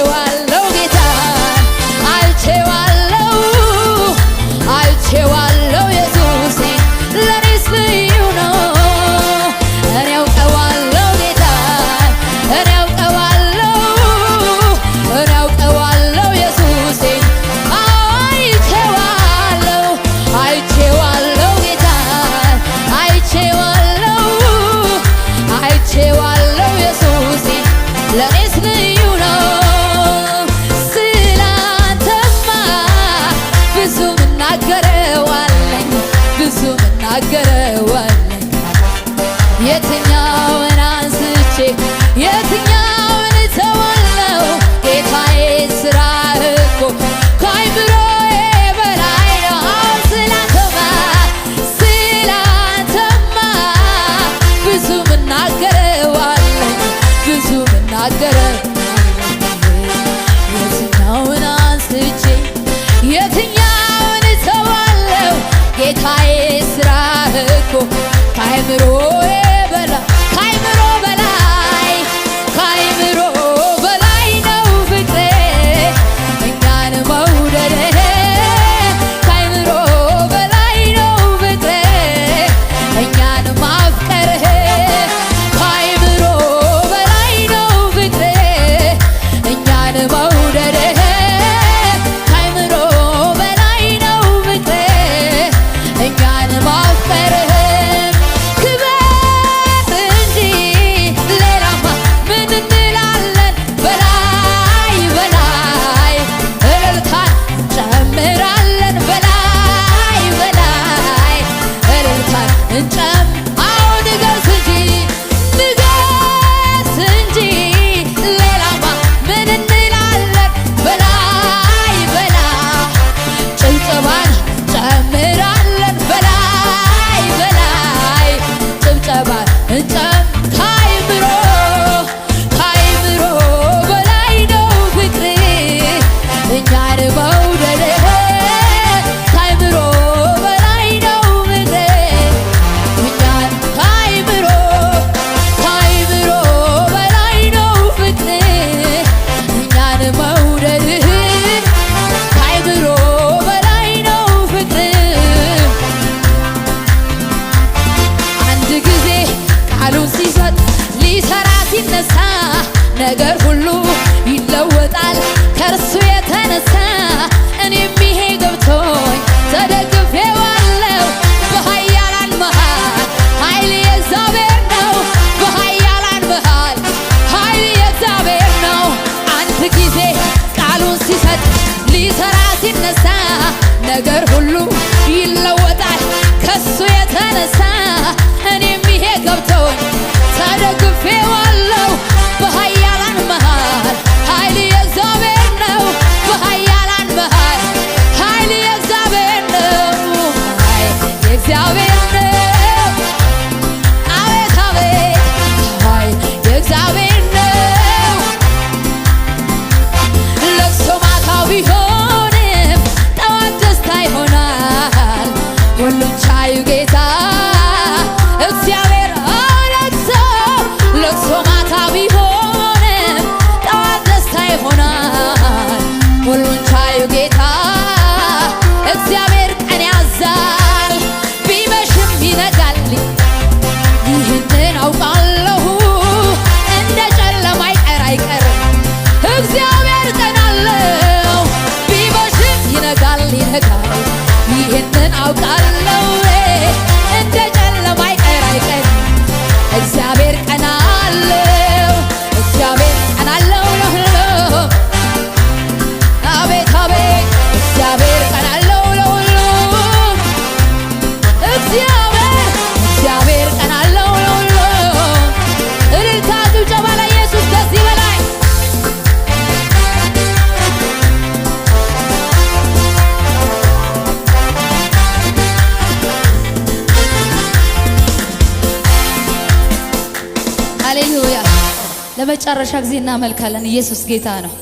igual. ይሻገረዋል የትኛውን አንስቼ time ይነሳ ነገር ሁሉ ለመጨረሻ ጊዜ እናመልካለን። ኢየሱስ ጌታ ነው።